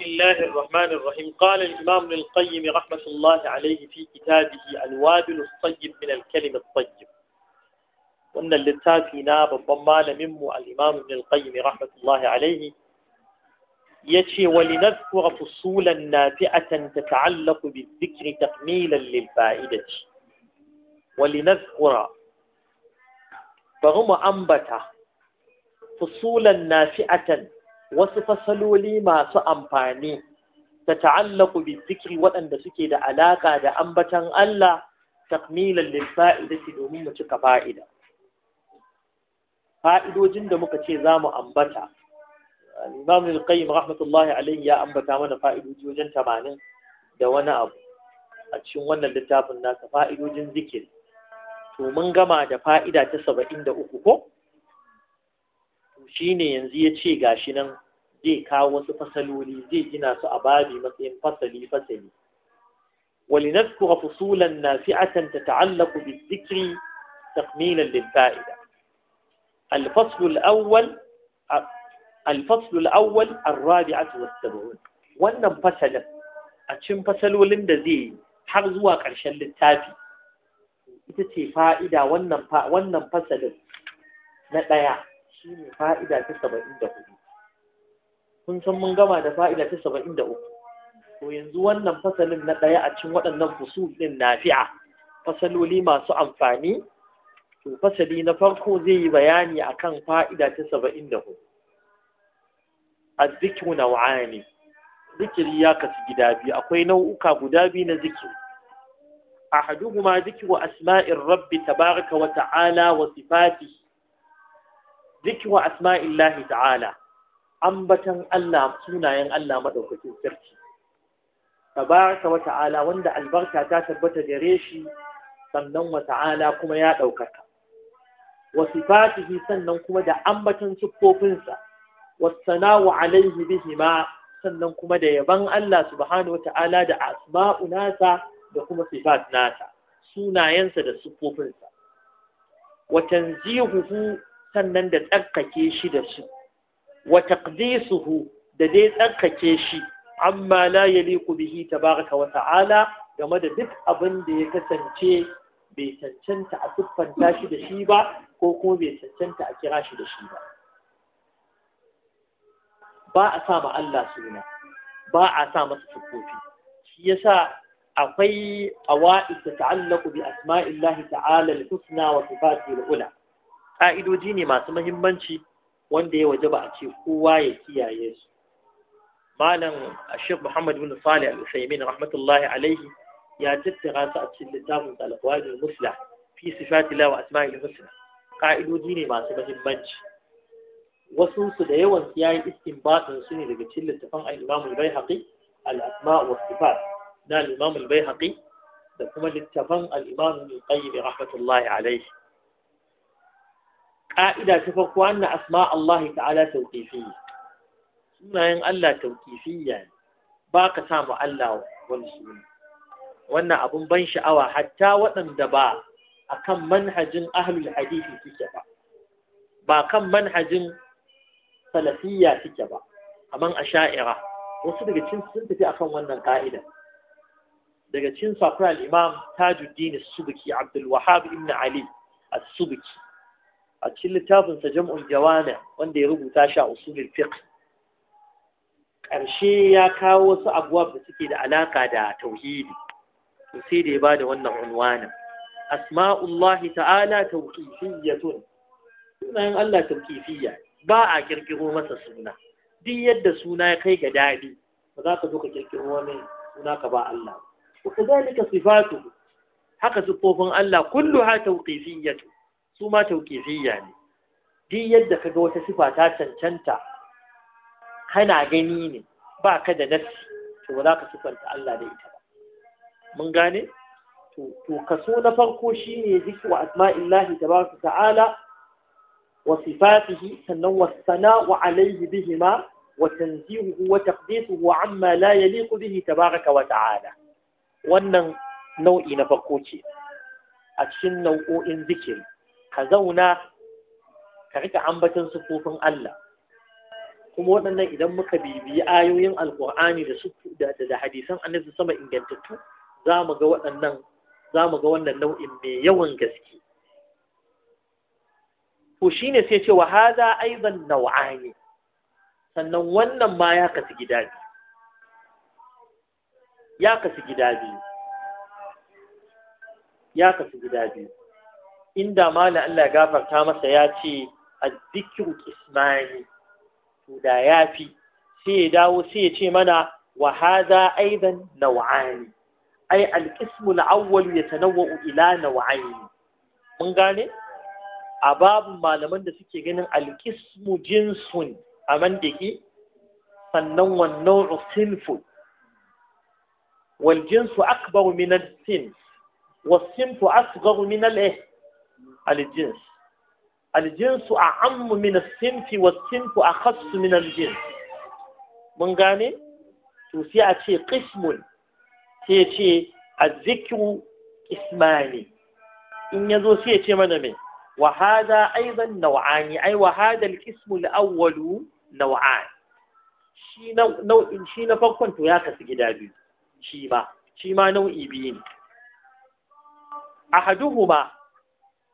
بسم الله الرحمن الرحيم قال الإمام ابن القيم رحمة الله عليه في كتابه الوابل الطيب من الكلم الطيب وأن اللتافي ناب الضمان منه الإمام ابن القيم رحمة الله عليه يتشي ولنذكر فصولا نافئة تتعلق بالذكر تكميلا للفائدة ولنذكر فهم أنبت فصولا نافئة wasu fasaloli masu amfani ta ta'allaku bi zikri waɗanda suke da alaƙa da ambatan Allah takmilan lil fa'idati domin mu cika fa'ida fa'idojin da muka ce za mu ambata Imam al-Qayyim rahmatullahi alayhi ya ambata mana fa'idoji wajen 80 da wani abu a cikin wannan littafin nasa fa'idojin zikiri to mun gama da fa'ida ta saba'in da uku ko shine yanzu ya ce gashi nan zai kawo wasu fasaloli zai gina su a babi matsayin fasali fasali ولنذكر فصولا نافعة ta ta'allaku تكميلا للفائدة الفصل الأول الفصل الأول الرابعة والسبعون wannan fasalin a cikin fasalolin da zai har zuwa ƙarshen littafi ita ce fa'ida wannan fasalin na ɗaya shi ne fa'ida ta saba'in da hudu kun san mun gama da fa'ida ta saba'in da uku to yanzu wannan fasalin na ɗaya a cikin waɗannan fusu ɗin na fi’a, fasaloli masu amfani to fasali na farko zai yi bayani a kan fa'ida ta saba'in da hudu azzikiru nau'ani zikiri ya kasu gida biyu akwai nau'uka guda biyu na zikiri أحدهما ذكر أسماء الرب تبارك وتعالى وصفاته wa zikwa asma'illahi ta'ala ambatan Allah sunayen Allah maɗaukacin sarki tabaraka wa ta'ala wanda albarka ta tabbata gare shi sannan wa ta'ala kuma ya ɗaukaka wa sifatihi sannan kuma da ambatan siffofinsa wasana'u alaihi bihima sannan kuma da yaban Allah subhanahu wa ta'ala da asma'u da kuma sifat sunayensa da siffofinsa wa tanzihuhu sannan da tsarkake shi da su wa taqdisuhu da dai tsarkake shi amma la yaliqu bihi tabaraka wa ta'ala game da duk abin da ya kasance bai cancanta a siffanta shi da shi ba ko kuma bai cancanta a kira shi da shi ba ba a sa ma Allah suna ba a sa masa sukofi shi yasa akwai awa'i ta ta'allaku bi asma'illahi ta'ala al-husna wa sifatihi al-ula ƙa'idoji ne masu mahimmanci wanda ya waje ba a ce kowa ya kiyaye su malam ashir muhammad bin salih al-usaimin rahmatullahi alaihi ya tattara su a cikin littafin al-qawaidul musla fi sifatillah wa asma'il husna ƙa'idoji ne masu mahimmanci wasu su da yawan su yayi istinbatin su ne daga cikin littafin al-imam al-baihaqi al-asma' wa sifat na al-imam al-baihaqi da kuma littafin al-imam al-qayyim rahmatullahi alaihi ƙa'ida ta farko anna asma Allah ta'ala tawqifiyya sunayen Allah tawqifiyya ne ba ka samu Allah wani suna wannan abun ban sha'awa hatta waɗanda ba a kan manhajin ahlul hadisi suke ba ba kan manhajin salafiyya suke ba a asha'ira wasu daga cin sun tafi akan wannan ka'ida daga cin safar al'imam imam tajuddin as-subki abdul wahhab ibn ali as Subuki. a cikin littafin sa jam'ul jawana wanda ya rubuta shi a usulul fiqh ƙarshe ya kawo wasu abubuwa da suke da alaka da tauhidi to sai da ya bada wannan unwanin asma'ullahi ta'ala tawqifiyyatun sunan Allah tawqifiyya ba a kirkiro masa suna duk yadda suna ya kai ga dadi ba za ka zo ka kirkiro wani suna ka ba Allah wa dalika sifatu haka siffofin Allah kulluha tawqifiyyatun su ma tauqifiyya ne duk yadda kaga wata sifa ta cancanta kana gani ne ba ka da nafsi to ba za ka sifanta Allah da ita ba mun gane to kaso na farko shine zikru asma'illahi tabaraka ta'ala wa sifatihi sannan wa sana'u alayhi bihima wa tanzihuhu wa taqdisuhu amma la yaliqu bihi tabaraka wa ta'ala wannan nau'i na farko ce a cikin nau'o'in zikiri ka zauna ka rika ambaton sufufin Allah kuma waɗannan idan muka bibiyi ayoyin alkur'ani da da hadisan annabi sama ingantattu za mu ga waɗannan za ga wannan nau'in mai yawan gaske Kushine shine sai ce wa hada aidan nau'ani sannan wannan ma ya kasu gida ya kasu gida biyu ya kasu gida biyu inda malam Allah ya gafarta masa ya ce azzikiru ismani to da fi, sai ya dawo sai ya ce mana wa hadha aidan naw'ani ai al-qismu al-awwal yatanawwa'u ila naw'ayn mun gane a babun malaman da suke ganin al jinsun a mandiki sannan wannan sinful wal jinsu akbaru min al-sin was sinfu asgharu min al-ihsan aljins aljinsu a ammu min sinfi wa sinfu a khassu min aljins mun gane to sai a ce qismun sai ya ce azzikiru ismani in yazo zo sai ya ce mana mai wa hada aidan nau'ani ai wahadar hada alqismu al-awwalu shi na farkon to ya kasu gida biyu shi ma nau'i biyu ne ahaduhuma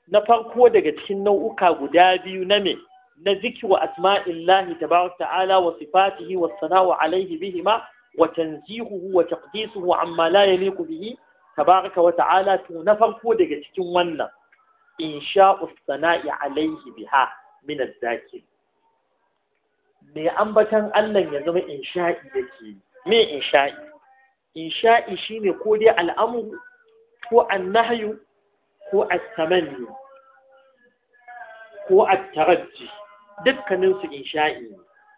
na farko daga cikin nau'uka guda biyu na me na zikir wa asma'illahi tabaraka ta'ala wa sifatihi wa sana'u alaihi bihima wa tanzihuhu wa taqdisuhu amma la yaliqu bihi tabaraka wa ta'ala to na farko daga cikin wannan insha'u sana'i alaihi biha min az-zakir me ambatan Allah ya zama insha'i yake me insha'i insha'i shine ko dai al'amru ko annahyu ko a tamanni ko a tarajji dukkanin su ne,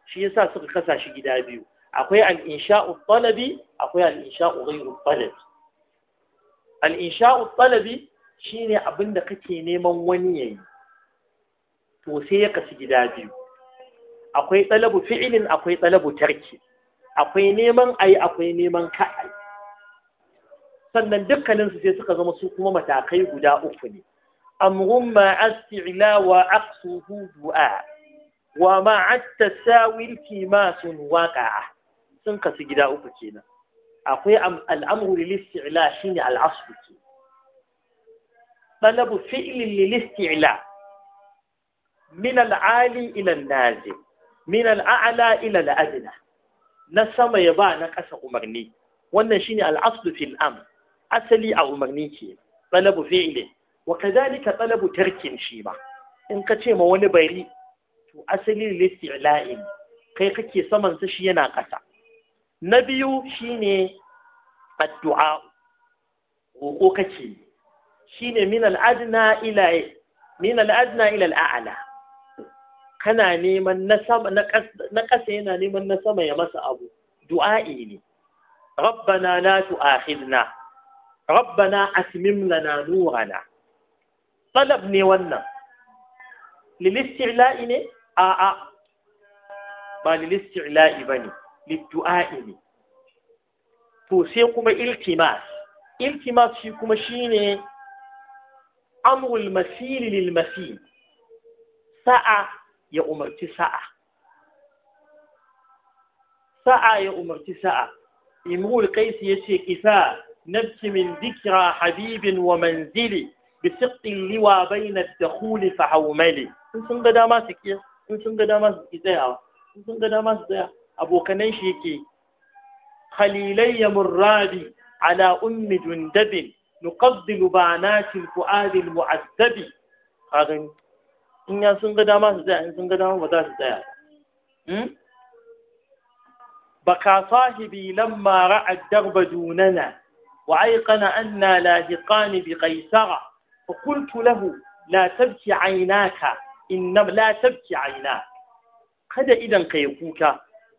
shi yasa suka kasa shi gida biyu akwai al'insha'u inshau talabi akwai al-insha'u Al'insha'u talabi shi ne talabi shine abinda kake neman wani yayi to sai ya kasu gida biyu akwai talabu fi'ilin akwai talabu tarki akwai neman ai akwai neman ka'ai sannan dukkaninsu sai suka zama su kuma matakai guda uku ne amrun ma asti'la wa aqsuhu du'a wa ma attasawil kimasun waqa'a sun kasu gida uku kenan akwai al'amru lil isti'la shine al'aslu ke talabu fi'li lil isti'la min al'ali ila an-nazil min al'a'la ila al-adna na sama ya ba na ƙasa umarni wannan shine al'aslu fil amr asali a umarni ke talabu fi'ilin wa kadhalika talabu tarkin shi ba in ka ce ma wani bari to asali listi'la'in kai kake saman sa shi yana ƙasa na biyu shine addu'a roƙo kake shine min al'adna ila min al'adna ila al'a'la kana neman na sama na ƙasa yana neman na sama ya masa abu du'a'i ne rabbana la tu'akhidna rabbana atmim lana nurana talab ne wannan lil isti'la'i ne a ba lil isti'la'i bane lid du'a'i ne to sai kuma iltimas iltimas shi kuma shine amrul masil lil masil sa'a ya umarci sa'a sa'a ya umarci yace kisa نفس من ذكرى حبيب ومنزلي بسقط اللواء بين الدخول فحوملي انتم قد ما تكي انتم قد ما تكي انتم قد ما تكي ابو كنيشيكي خليلي مرادي على ام جندب نقبل بانات الفؤاد المعذب هذا ان سن قد ما تكي ان سن قد ما تكي صاحبي لما رأى الدرب دوننا وأيقن أنا لاهقان بقيسرة فقلت له لا تبكي عيناك إنما لا تبكي عيناك هذا إذا قيقوك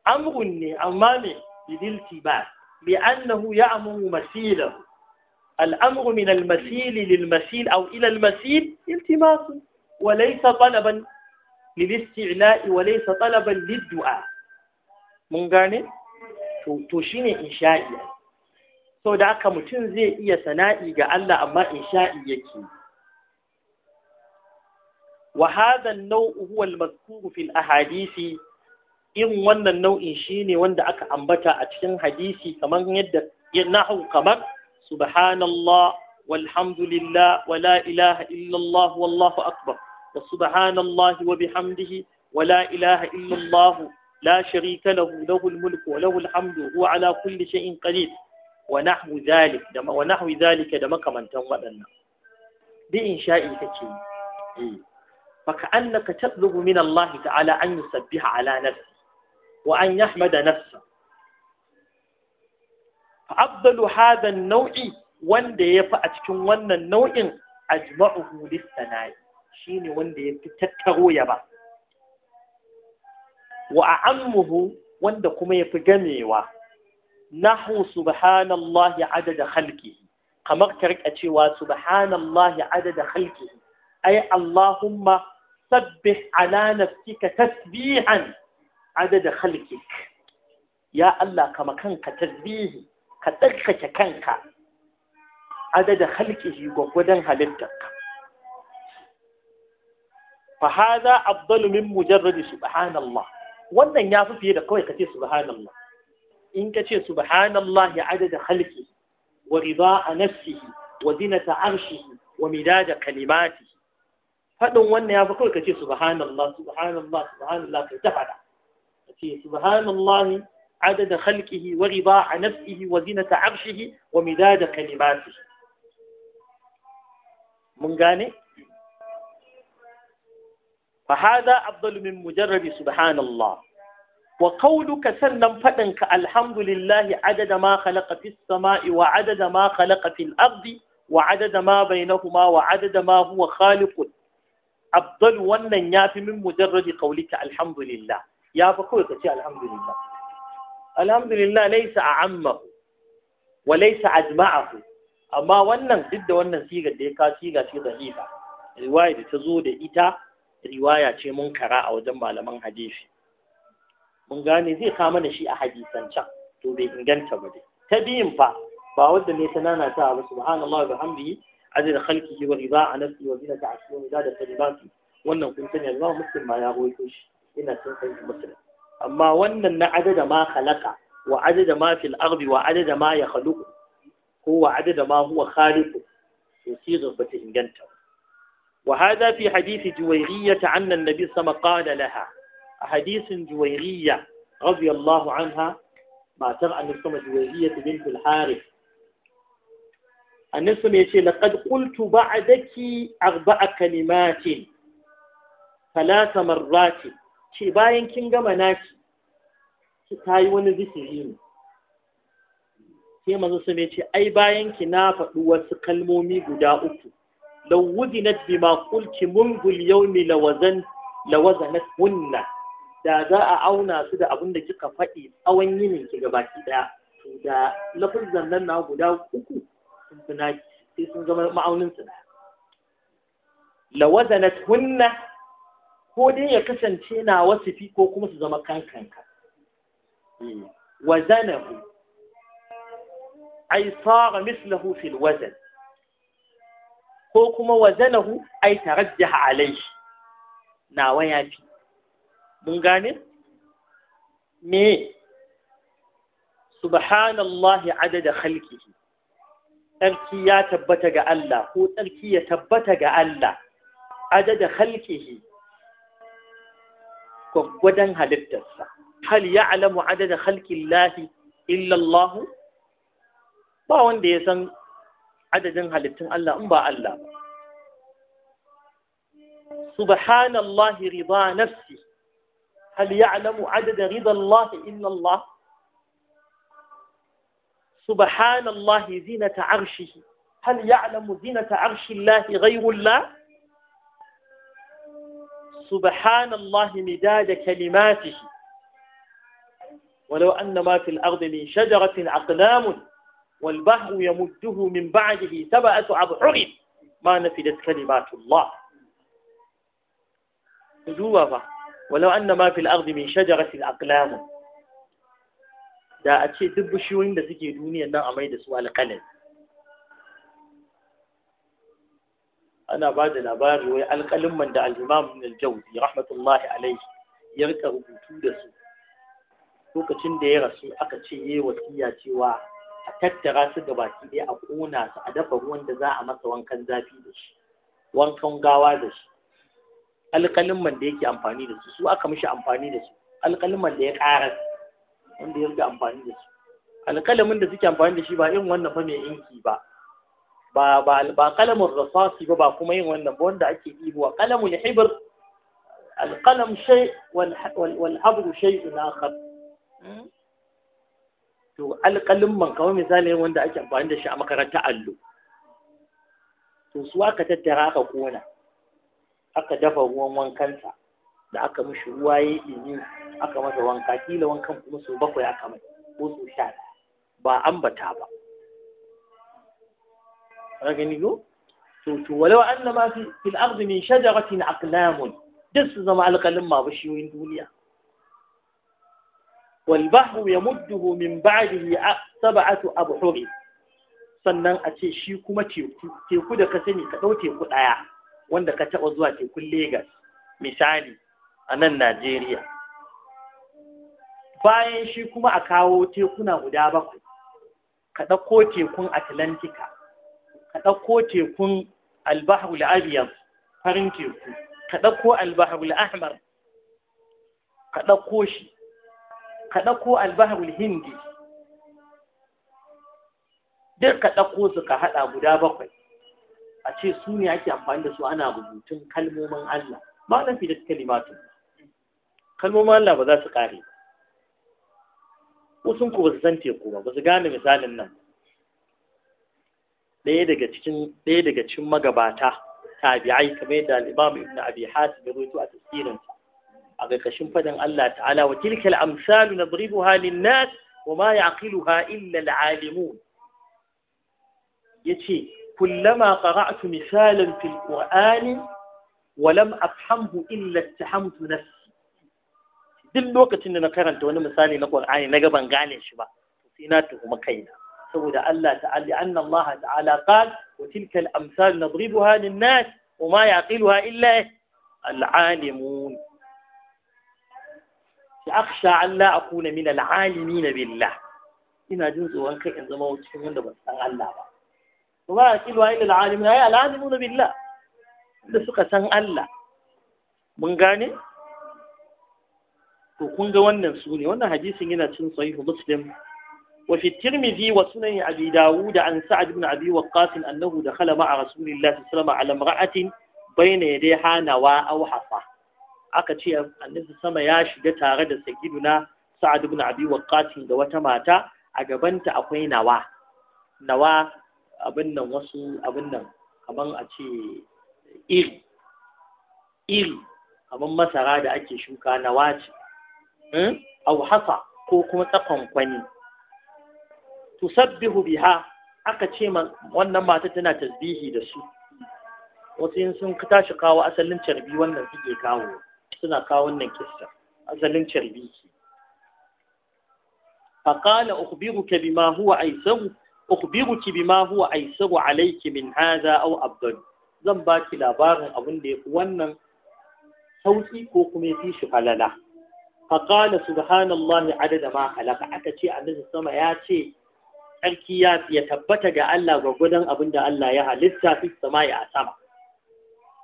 أمر أمامه بالالتباس لأنه يأمر مثيله الأمر من المثيل للمثيل أو إلى المثيل التماس وليس طلبا للاستعلاء وليس طلبا للدعاء من قال تشين إنشائيا sau da haka mutum zai iya sana'i ga Allah amma insha'i yake wa hadha an-naw'u huwa al-mazkur fi ahadisi in wannan nau'in shine wanda aka ambata a cikin hadisi kamar yadda nahu kamar subhanallah walhamdulillah la ilaha illallah wallahu akbar wa subhanallah wa bihamdihi ilaha illallah la sharika lahu lahul mulku wa lahul hamdu huwa ala kulli shay'in qadir wa da wa nahwi zalika da makamantan waɗannan bi insha'i kake yi eh. fa ka'annaka tatlubu min Allah ta'ala an yusabbiha ala nafsi wa an yahmada nafsa fa afdalu hadha an-naw'i wanda yafi a cikin wannan nau'in ajma'uhu lis-sana'i shine wanda yafi tattaro ya ba wa a'ammuhu wanda kuma yafi gamewa nahu subhanallahi adada khalqihi kamar ka rika cewa subhanallahi adada khalqihi ay allahumma sabbih ala nafsika tasbihan adada khalqik ya Allah kama kanka tasbihi ka tsarkake kanka adada khalqihi gwagwadon halittarka fa hadha afdalu min mujarrad subhanallah wannan ya fi fiye da kawai kace subhanallah in ka ce subhanallah ya adada halki wa riba a nafsihi wa zinata arshihi wa midada kalimati faɗin wannan ya fi kawai ka ce subhanallah subhanallah subhanallah kai ta faɗa ka ce subhanallah adada halkihi wa riba a nafsihi wa zinata arshihi wa midada kalimati mun gane فهذا أفضل من مجرد سبحان subhanallah. wa qauluka sannan fadin ka alhamdulillahi adada ma khalaqa fis sama'i wa adada ma khalaqa fil ardi wa adada ma bainahuma wa adada ma huwa khaliqun afdal wannan yafi min mujarradi qaulika alhamdulillah yafi kawai ka ce alhamdulillah alhamdulillah laysa Amma, wa laysa ajma'ahu amma wannan duk da wannan sigar da ya ka siga ce da'ifa riwaya da ta zo da ita riwaya ce mun kara a wajen malaman hadisi mun gane zai kama da shi a hadisan can to bai inganta ba dai ta biyun fa ba wanda ne ta nana ta ba subhanallahi wa bihamdihi adad khalqihi wa rida'a nafsi wa zinata arshi wa midada kalimati wannan kun sani Allah muslim ma ya goyo shi ina son sai muslim amma wannan na adada ma khalaqa wa adada ma fil ardi wa adada ma ya yakhluqu ko wa adada ma huwa khaliqu to sigar bata inganta وهذا في حديث جويرية أن النبي صلى الله عليه وسلم قال لها a hadisin juwairiyya radiyallahu anha matar annabi sama juwairiyya bint al-harith annabi sama yace laqad qultu ba'daki arba'a kalimatin thalatha marratin ce bayan kin gama naki ki tayi wani zikiri ne sai manzo sama ce, ai bayan ki na faɗi wasu kalmomi guda uku لو وزنت بما قلت منذ اليوم لوزن لوزنت هن da za a auna su da abin da kika faɗi tsawon yinin ki gabaki ɗaya to da lafin zannan na guda uku sun fi naki sai sun zama ma'aunin su lawazanat hunna ko dai ya kasance na wasu, fi ko kuma su zama kankanka hmm. wazanahu ay sara mislahu fil wazan ko kuma wazanahu ay tarajjaha alayhi nawa ya fi mun gane me subhanallahi adada khalqihi tsarki ya tabbata ga Allah ko tsarki ya tabbata ga Allah adada khalqihi gwaggwadon halittarsa hal ya'lamu adada khalqillahi illa Allah ba wanda ya san adadin halittun Allah in ba Allah ba subhanallahi rida nafsihi هل يعلم عدد رضا الله إلا الله سبحان الله زينة عرشه هل يعلم زينة عرش الله غير الله سبحان الله مداد كلماته ولو أن ما في الأرض من شجرة أقلام والبحر يمده من بعده سبعة أبحر ما نفدت كلمات الله نجوبة walau anna ma fil ardi min shajaratil aqlam da a ce duk bishiyoyin da suke duniyar nan a mai da su alƙalami ana ba da labari wai alƙalin da al-imam al-jawzi rahmatullahi alaihi ya rika rubutu da su lokacin da ya rasu aka ce yayi wasiya cewa a tattara su da baki ɗaya a ƙona su a dafa ruwan da za a masa wankan wankan gawa da su. alƙalimman da yake amfani da su su aka mishi amfani da su alƙalimman da ya ƙara wanda ya rika amfani da su alƙalamin da suke amfani da shi ba irin wannan ba mai inki ba ba ba ba kalamin rasasi ba ba kuma yin wannan ba wanda ake ɗibowa kalamun hibir alƙalam shai wal habru shay'un akhar hmm? to alƙalimman kamar misali wanda ake amfani da shi a makarantar allo to su aka tattara aka kona aka dafa ruwan wankansa da aka mishi ruwa ya yi aka masa wanka kila wankan kuma sau bakwai aka mai ko sau sha ba ambata ba ragani go to to walau anna ma fi fil ardi min shajaratin aqlamun duk su zama alƙalin ma shiyoyin duniya wal bahru yamudduhu min ba'dihi sab'atu abhur sannan a ce shi kuma teku da ka sani ka dau teku daya wanda ka taɓa zuwa tekun Legas misali a nan Najeriya. Bayan shi kuma a kawo tekuna guda bakwai, ka ɗauko tekun Atlantika, ka ɗauko tekun Albahul Abiyam farin teku, ka ɗauko Albahul Ahmar, ka ɗauko shi, ka ɗauko Albahul Hindi, duk ka ɗauko su ka haɗa guda bakwai. a ce su ne ake amfani da su ana rubutun kalmomin Allah ba na fi da kalimatu kalmomin Allah ba za su kare wasu ku ba su san teku ba ba su gane misalin nan ɗaya daga cikin ɗaya daga cikin magabata tabi'ai kamar yadda al-Imam Ibn Abi Hatim ya rawaito a tafsirin a ƙarƙashin faɗin Allah ta'ala wa tilkal amsalu nadribuha lin-nas wa ma ya'qiluha illa al-alimun yace كلما قرأت مثالا في القرآن ولم أفهمه إلا اتحمت نفسي دل الوقت إننا كان تونا مثالي نقول عيني نجبا قاني شبا سيناته مكينا سودا الله تعالى أن الله تعالى قال وتلك الأمثال نضربها للناس وما يعقلها إلا العالمون أخشى أن لا أكون من العالمين بالله إن جنس وأنك إن زموت من دبر الله wa yaqilu illa al-alimun ay al-alimuna billah da suka san Allah mun gane to kun ga wannan su ne wannan hadisin yana cin sahihu muslim wa fi tirmidhi wa sunan abi dawud an sa'ad ibn abi waqqas annahu dakhala ma'a rasulillahi sallallahu alaihi wasallam ala imra'atin bayna yaday hanawa aw hafa aka ce annabi sama ya shiga tare da sayyiduna sa'ad ibn abi waqqas da wata mata a gabanta akwai nawa nawa abin nan wasu abin nan kaman a ce iri iri kaman masara da ake shuka na wace hmm, au hasa ko kuma tsakon kwani sabbihu biha aka ce wannan mata tana tasbihi da su wasu yin sun tashi kawo asalin carbi wannan suke kawo suna kawo wannan kista, asalin carbi ke faƙala ukhbiruka bima huwa aisaru ukhbiruki bima huwa aysaru alayki min hadha aw afdal zan baki labarin abin da yafi wannan sauki ko kuma yafi shi falala faqala subhanallahi adada ma khalaqa aka ce annabi sama ya ce sarki ya ya tabbata ga Allah gwagwadon abin da Allah ya halitta fi samai a sama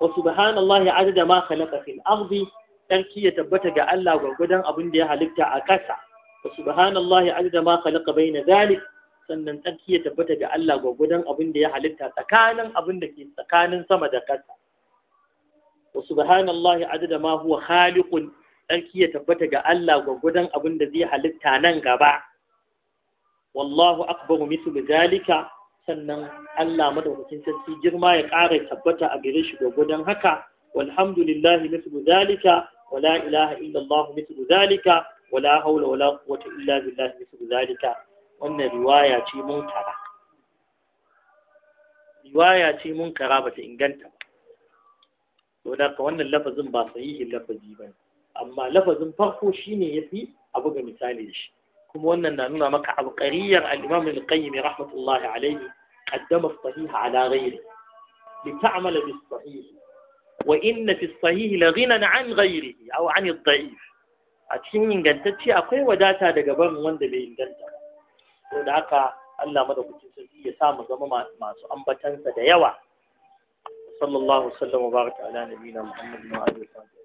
wa subhanallahi adada ma khalaqa fil ardi sarki ya tabbata ga Allah gwagwadon abin da ya halitta a ƙasa wa subhanallahi adada ma khalaqa baina dhalik sannan tsarki ya tabbata ga Allah gwagwadon abin da ya halitta tsakanin abin da ke tsakanin sama da ƙasa wa subhanallahi adada ma huwa khaliqun tsarki ya tabbata ga Allah gwagwadon abin da zai halitta nan gaba wallahu akbar mithlu zalika sannan Allah madaukakin sarki girma ya ƙara tabbata a gare shi gwagwadon haka walhamdulillahi mithlu zalika wala ilaha illallah mithlu zalika wala hawla wala quwwata illa billahi mithlu zalika wannan riwaya ce munkara riwaya ce munkara bata inganta ba to da ka wannan lafazin ba sahihin lafazi ba amma lafazin farko shine yafi abu ga misali shi kuma wannan na nuna maka abqariyar al-imam al-qayyim rahmatullahi alayhi qaddama as-sahih ala ghayri لتعمل بالصحيح وإن في الصحيح لغنى عن غيره أو عن الضعيف a cikin ingantacce akwai wadata daga barin wanda bai inganta so da haka Allah madaukakin sarki ya sa mu zama masu ambatansa da yawa sallallahu alaihi wa sallam wa baraka ala nabiyina muhammadin wa alihi wa sahbihi